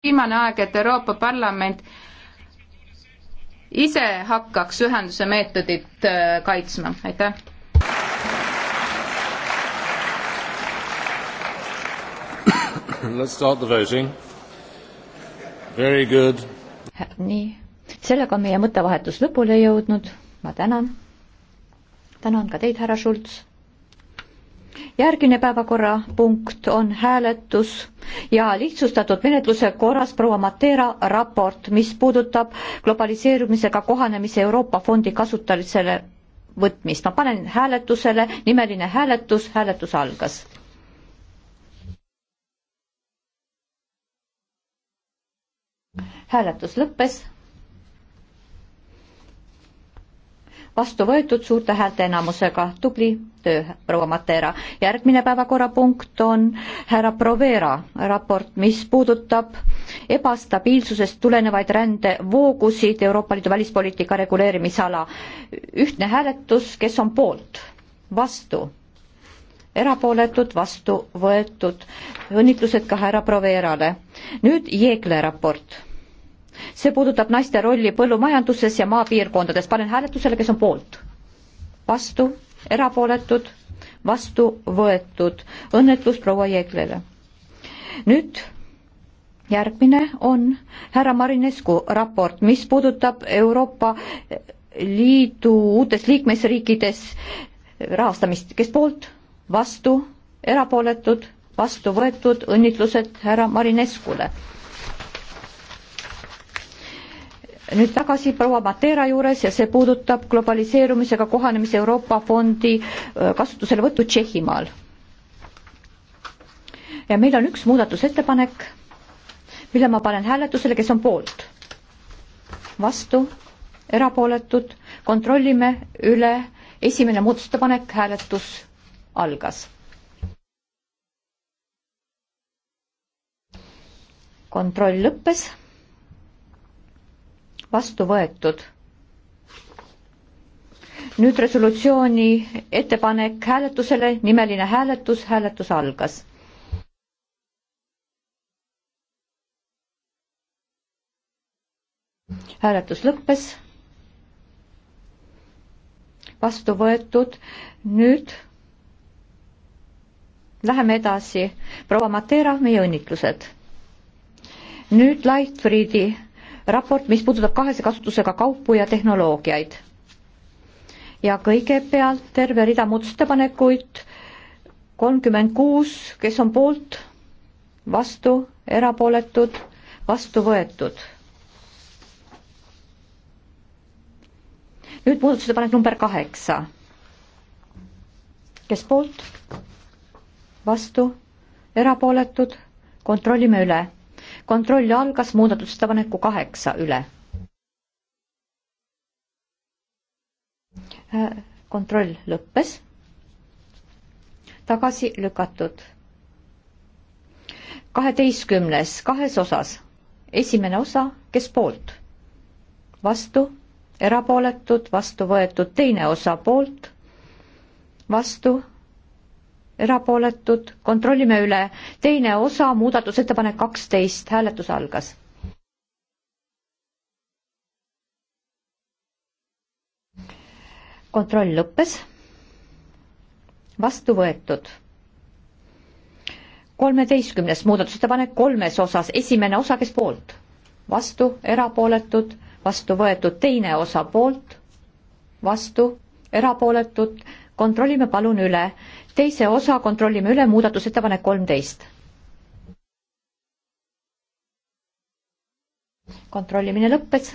viimane aeg, et Euroopa Parlament ise hakkaks ühenduse meetodit äh, kaitsma, aitäh. Let's start the voting. Very good. nii, sellega on meie mõttevahetus lõpule jõudnud, ma tänan. tänan ka teid, härra Schultz järgmine päevakorrapunkt on hääletus ja lihtsustatud menetluse korras proua Matera raport, mis puudutab globaliseerumisega kohanemise Euroopa Fondi kasutamisele võtmist. ma panen hääletusele, nimeline hääletus, hääletus algas. hääletus lõppes vastu võetud suurte häälteenamusega, tubli töö, proua Matera. järgmine päevakorrapunkt on härra Provera raport, mis puudutab ebastabiilsusest tulenevaid rändevoogusid Euroopa Liidu välispoliitika reguleerimisala. ühtne hääletus, kes on poolt, vastu, erapooletud, vastu võetud. õnnitlused ka härra Proverale. nüüd Jeegle raport see puudutab naiste rolli põllumajanduses ja maapiirkondades. panen hääletusele, kes on poolt. vastu, erapooletud, vastu võetud. õnnetus proua Jeeglele. nüüd järgmine on härra Marinescu raport, mis puudutab Euroopa Liidu uutes liikmesriikides rahastamist, kes poolt, vastu, erapooletud, vastu võetud, õnnitlused härra Marinescule nüüd tagasi proua Matera juures ja see puudutab globaliseerumisega kohanemise Euroopa Fondi äh, kasutuselevõttu Tšehhimaal. ja meil on üks muudatusettepanek, mille ma panen hääletusele, kes on poolt, vastu, erapooletud, kontrollime üle, esimene muudatusettepanek, hääletus algas kontroll lõppes vastu võetud. nüüd resolutsiooni ettepanek hääletusele, nimeline hääletus, hääletus algas. hääletus lõppes. vastu võetud, nüüd läheme edasi. proua Matera, meie õnnitlused. nüüd Lightfriedi raport, mis puudutab kahese kasutusega kaupu ja tehnoloogiaid. ja kõigepealt terve rida muudatusettepanekuid, kolmkümmend kuus, kes on poolt, vastu, erapooletud, vastu võetud. nüüd muudatusettepanek number kaheksa. kes poolt, vastu, erapooletud, kontrollime üle kontroll algas muudatusettepaneku kaheksa üle. Äh, kontroll lõppes. tagasi lükatud. kaheteistkümnes kahes osas. esimene osa, kes poolt? vastu, erapooletud, vastu võetud, teine osa poolt, vastu erapooletud, kontrollime üle. teine osa, muudatusettepanek kaksteist, hääletus algas. kontroll lõppes. vastu võetud. kolmeteistkümnes muudatusettepanek kolmes osas, esimene osa, kes poolt? vastu, erapooletud, vastu võetud, teine osa poolt, vastu, erapooletud kontrollime palun üle. teise osa kontrollime üle, muudatusettepanek kolmteist. kontrollimine lõppes.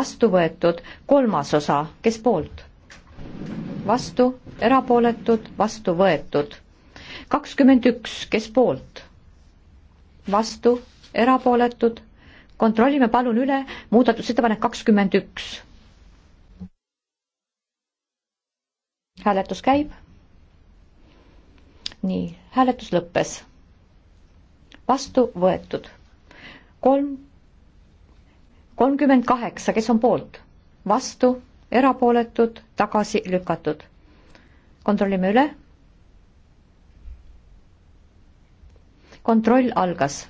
vastu võetud kolmas osa, kes poolt? vastu, erapooletud, vastu võetud. kakskümmend üks, kes poolt? vastu, erapooletud. kontrollime palun üle, muudatusettepanek kakskümmend üks hääletus käib. nii, hääletus lõppes. vastu võetud. kolm, kolmkümmend kaheksa, kes on poolt? vastu, erapooletud, tagasi lükatud. kontrollime üle. kontroll algas.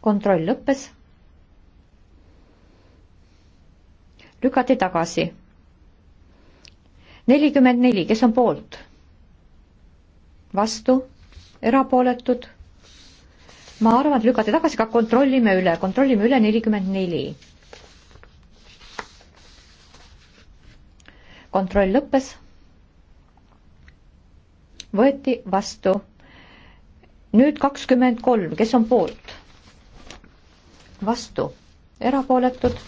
kontroll lõppes lükati tagasi. nelikümmend neli, kes on poolt? vastu, erapooletud? ma arvan, et lükati tagasi, aga kontrollime üle, kontrollime üle nelikümmend neli. kontroll lõppes. võeti vastu. nüüd kakskümmend kolm, kes on poolt? vastu, erapooletud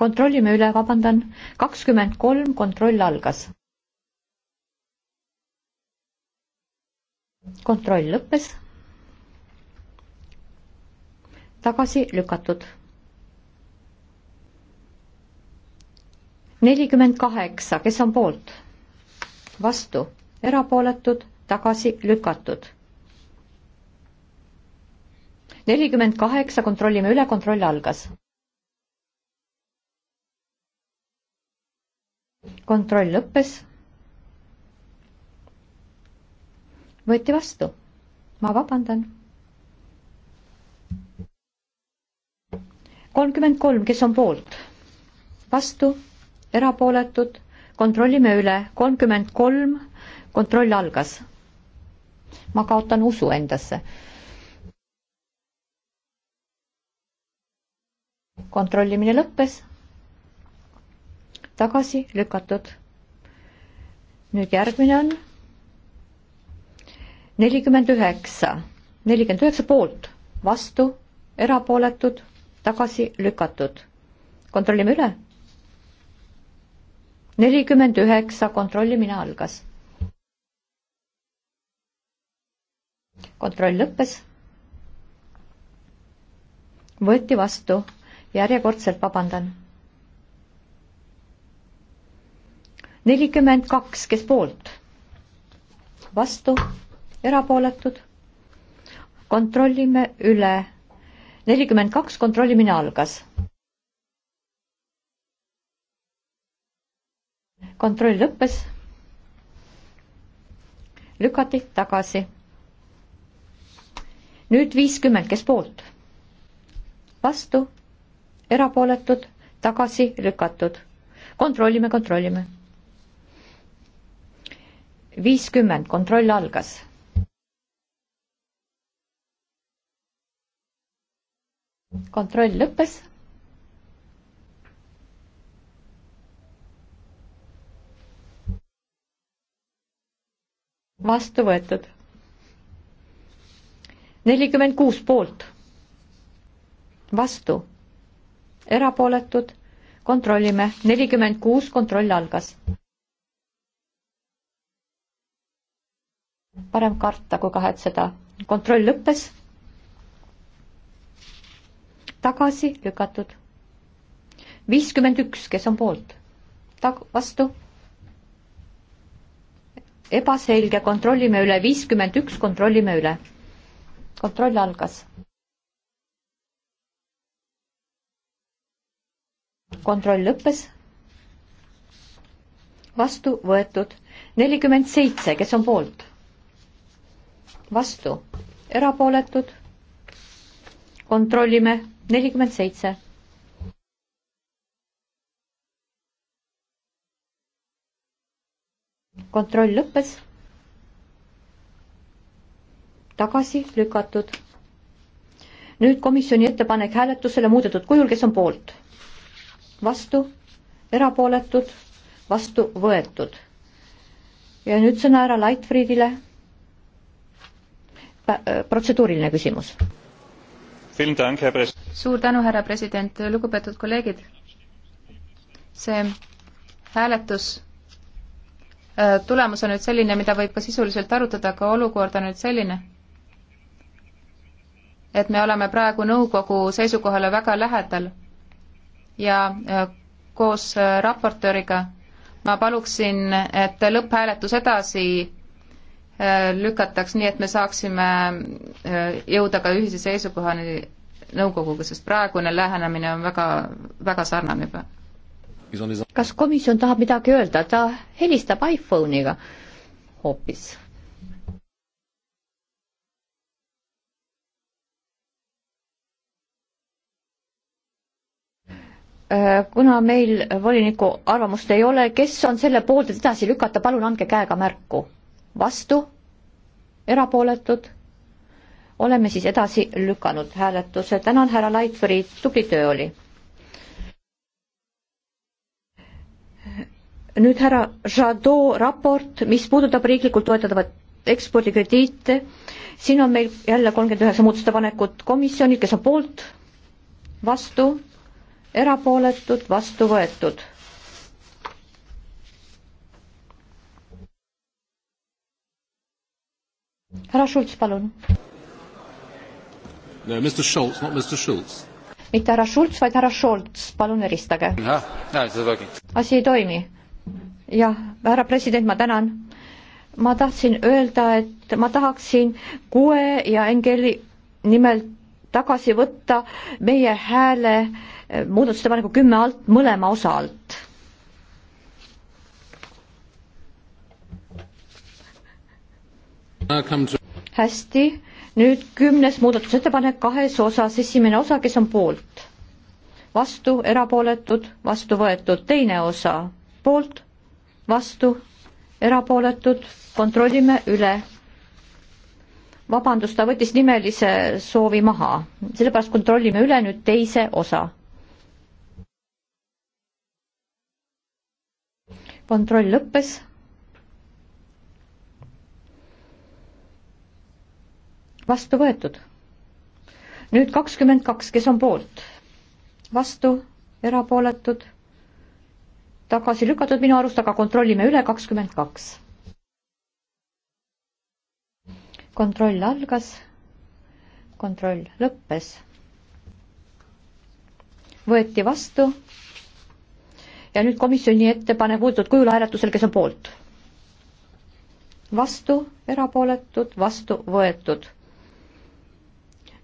kontrollime üle, vabandan, kakskümmend kolm, kontroll algas. kontroll lõppes. tagasi lükatud. nelikümmend kaheksa, kes on poolt? vastu, erapooletud, tagasi lükatud. nelikümmend kaheksa, kontrollime üle, kontroll algas kontroll lõppes. võeti vastu. ma vabandan. kolmkümmend kolm, kes on poolt? vastu, erapooletud, kontrollime üle, kolmkümmend kolm, kontroll algas. ma kaotan usu endasse. kontrollimine lõppes tagasi lükatud. nüüd järgmine on nelikümmend üheksa, nelikümmend üheksa poolt, vastu, erapooletud, tagasi lükatud. kontrollime üle. nelikümmend üheksa, kontrollimine algas. kontroll lõppes. võeti vastu, järjekordselt vabandan nelikümmend kaks, kes poolt? vastu, erapooletud. kontrollime üle. nelikümmend kaks, kontrollimine algas. kontroll lõppes. lükati tagasi. nüüd viiskümmend, kes poolt? vastu, erapooletud, tagasi lükatud. kontrollime, kontrollime viiskümmend, kontroll algas. kontroll lõppes. vastu võetud. nelikümmend kuus poolt, vastu, erapooletud, kontrollime, nelikümmend kuus, kontroll algas parem karta kui kahetseda. kontroll lõppes. tagasi lükatud. viiskümmend üks, kes on poolt? tag-, vastu? ebaselge, kontrollime üle, viiskümmend üks, kontrollime üle. kontroll algas. kontroll lõppes. vastu võetud nelikümmend seitse, kes on poolt? vastu, erapooletud. kontrollime nelikümmend seitse. kontroll lõppes. tagasi lükatud. nüüd komisjoni ettepanek hääletusele muudetud kujul, kes on poolt? vastu, erapooletud, vastu võetud. ja nüüd sõna ära Leitfriedile protseduuriline küsimus. suur tänu, härra president, lugupeetud kolleegid. see hääletus tulemus on nüüd selline, mida võib ka sisuliselt arutada, aga olukord on nüüd selline, et me oleme praegu nõukogu seisukohale väga lähedal ja koos raportööriga ma paluksin, et lõpphääletus edasi Äh, lükataks, nii et me saaksime äh, jõuda ka ühise seisukohani nõukoguga, sest praegune lähenemine on väga, väga sarnane juba. kas komisjon tahab midagi öelda, ta helistab iPhone'iga hoopis äh, kuna meil voliniku arvamust ei ole, kes on selle poolt, et edasi lükata, palun andke käega märku vastu, erapooletud, oleme siis edasi lükanud hääletuse, tänan härra Laitferi, tubli töö oli. nüüd härra Jadot raport, mis puudutab riiklikult toetatavat ekspordikrediite, siin on meil jälle kolmkümmend üheksa muudatusettepanekut komisjonil, kes on poolt, vastu, erapooletud, vastu võetud härra Schulz, palun. no Mr Schulz, not Mr Schulz. mitte härra Schulz, vaid härra Scholz, palun eristage. asi ei toimi. jah, härra president, ma tänan. ma tahtsin öelda, et ma tahaksin kuue ja Engeli nimelt tagasi võtta meie hääle eh, muudatusettepaneku kümme alt mõlema osa alt hästi, nüüd kümnes muudatusettepanek kahes osas, esimene osa, kes on poolt? vastu, erapooletud, vastu võetud, teine osa, poolt, vastu, erapooletud, kontrollime üle. vabandust, ta võttis nimelise soovi maha, sellepärast kontrollime üle nüüd teise osa. kontroll lõppes vastu võetud. nüüd kakskümmend kaks, kes on poolt? vastu, erapooletud, tagasi lükatud minu arust, aga kontrollime üle, kakskümmend kaks. kontroll algas, kontroll lõppes. võeti vastu ja nüüd komisjoni ettepanek muudetud kujul hääletusel, kes on poolt? vastu, erapooletud, vastu võetud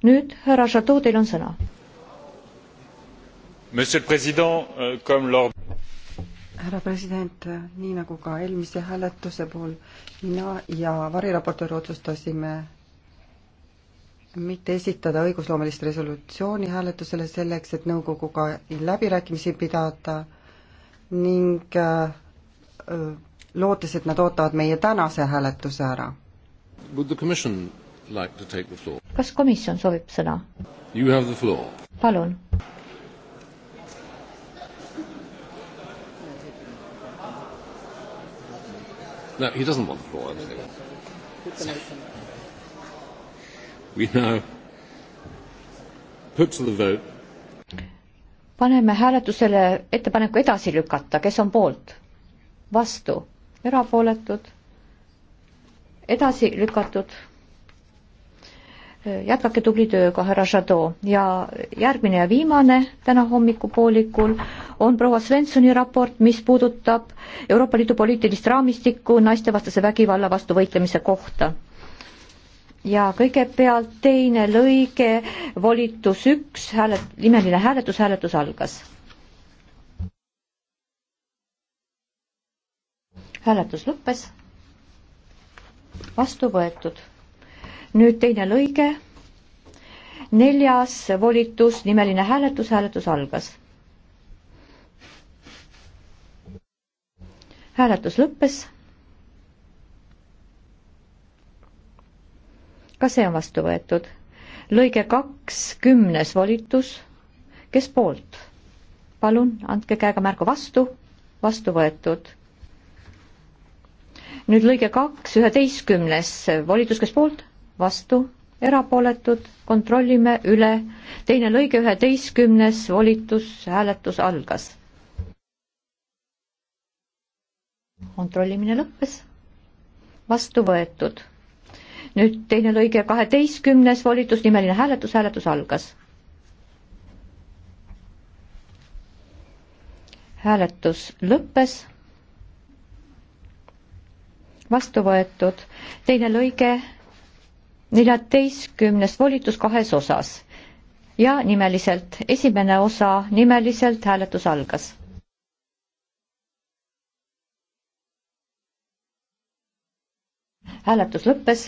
nüüd härra Chateau, teil on sõna. Euh, härra president, äh, nii nagu ka eelmise hääletuse puhul, mina ja variraportöör otsustasime mitte esitada õigusloomelist resolutsiooni hääletusele selleks, et nõukoguga läbirääkimisi pidada ning äh, äh, lootes, et nad ootavad meie tänase hääletuse ära. Would the commission like to take the floor? kas komisjon soovib sõna? You have the floor. palun. No, he doesn't want the floor, I don't think. We now put to the vote. paneme hääletusele ettepaneku edasi lükata, kes on poolt? vastu? erapooletud? edasi lükatud? jätkake tubli tööga, härra Jadot. ja järgmine ja viimane täna hommikupoolikul on proua Svensoni raport, mis puudutab Euroopa Liidu poliitilist raamistikku naistevastase vägivalla vastu võitlemise kohta. ja kõigepealt teine lõige, volitus üks, hääle, nimeline hääletus, hääletus algas. hääletus lõppes. vastu võetud nüüd teine lõige, neljas volitus, nimeline hääletus, hääletus algas. hääletus lõppes. ka see on vastu võetud. lõige kaks, kümnes volitus, kes poolt? palun, andke käega märku vastu, vastu võetud nüüd lõige kaks, üheteistkümnes, volitus kes poolt? vastu, erapooletud, kontrollime üle. teine lõige üheteistkümnes volitus, hääletus algas. kontrollimine lõppes, vastu võetud. nüüd teine lõige kaheteistkümnes volitus, nimeline hääletus, hääletus algas. hääletus lõppes vastu võetud. teine lõige neljateistkümnes volitus kahes osas ja nimeliselt. esimene osa nimeliselt hääletus algas. hääletus lõppes.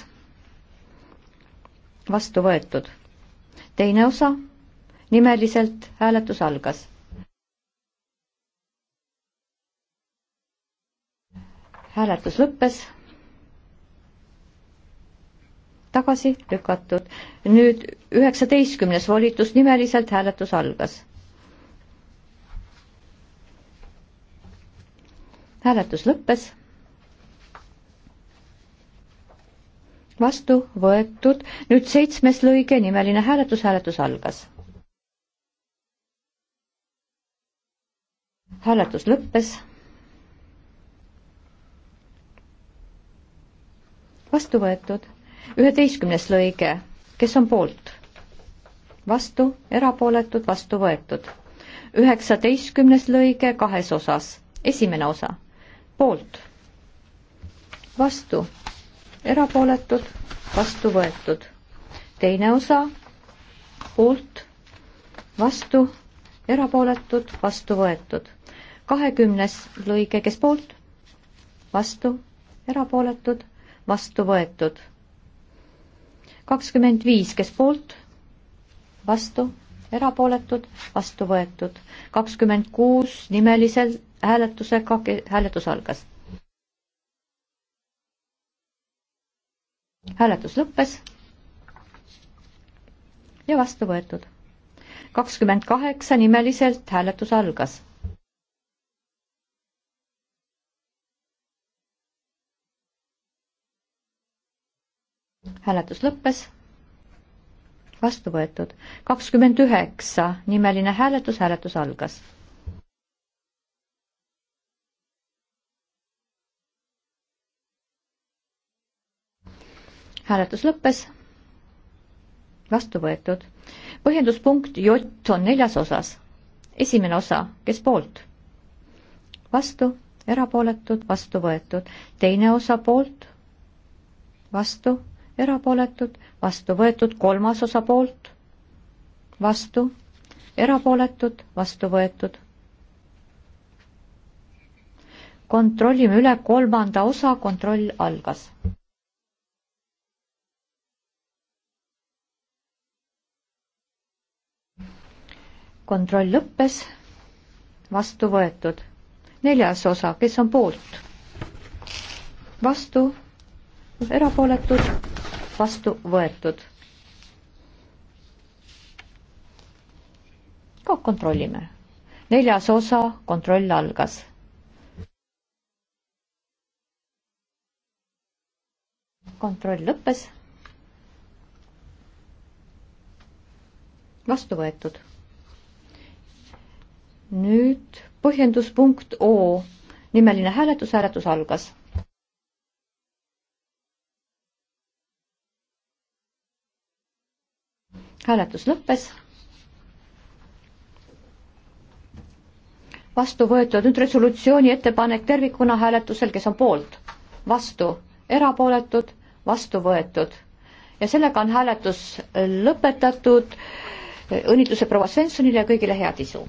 vastu võetud. teine osa nimeliselt hääletus algas. hääletus lõppes tagasi lükatud. nüüd üheksateistkümnes volitus nimeliselt hääletus algas. hääletus lõppes. vastu võetud, nüüd seitsmes lõige nimeline hääletus, hääletus algas. hääletus lõppes. vastu võetud üheteistkümnes lõige, kes on poolt? vastu, erapooletud, vastu võetud. üheksateistkümnes lõige kahes osas, esimene osa, poolt, vastu, erapooletud, vastu võetud. teine osa, poolt, vastu, erapooletud, vastu võetud. kahekümnes lõige, kes poolt? vastu, erapooletud, vastu võetud kakskümmend viis, kes poolt, vastu, erapooletud, vastu võetud. kakskümmend kuus nimelisel hääletusega, hääletus algas. hääletus lõppes ja vastu võetud. kakskümmend kaheksa nimeliselt hääletus algas hääletus lõppes. vastu võetud. kakskümmend üheksa nimeline hääletus, hääletus algas. hääletus lõppes. vastu võetud. põhjenduspunkt J on neljas osas. esimene osa, kes poolt? vastu, erapooletud, vastu võetud. teine osa poolt, vastu erapooletud, vastu võetud, kolmas osa poolt, vastu, erapooletud, vastu võetud. kontrollime üle kolmanda osa, kontroll algas. kontroll lõppes, vastu võetud. neljas osa, kes on poolt? vastu, erapooletud vastu võetud. ka kontrollime. neljas osa, kontroll algas. kontroll lõppes. vastu võetud. nüüd põhjenduspunkt O, nimeline hääletus, hääletus algas hääletus lõppes. vastu võetud nüüd resolutsiooni ettepanek tervikuna hääletusel, kes on poolt, vastu, erapooletud, vastu võetud ja sellega on hääletus lõpetatud. õnnitluse proua Svenssonile ja kõigile head isu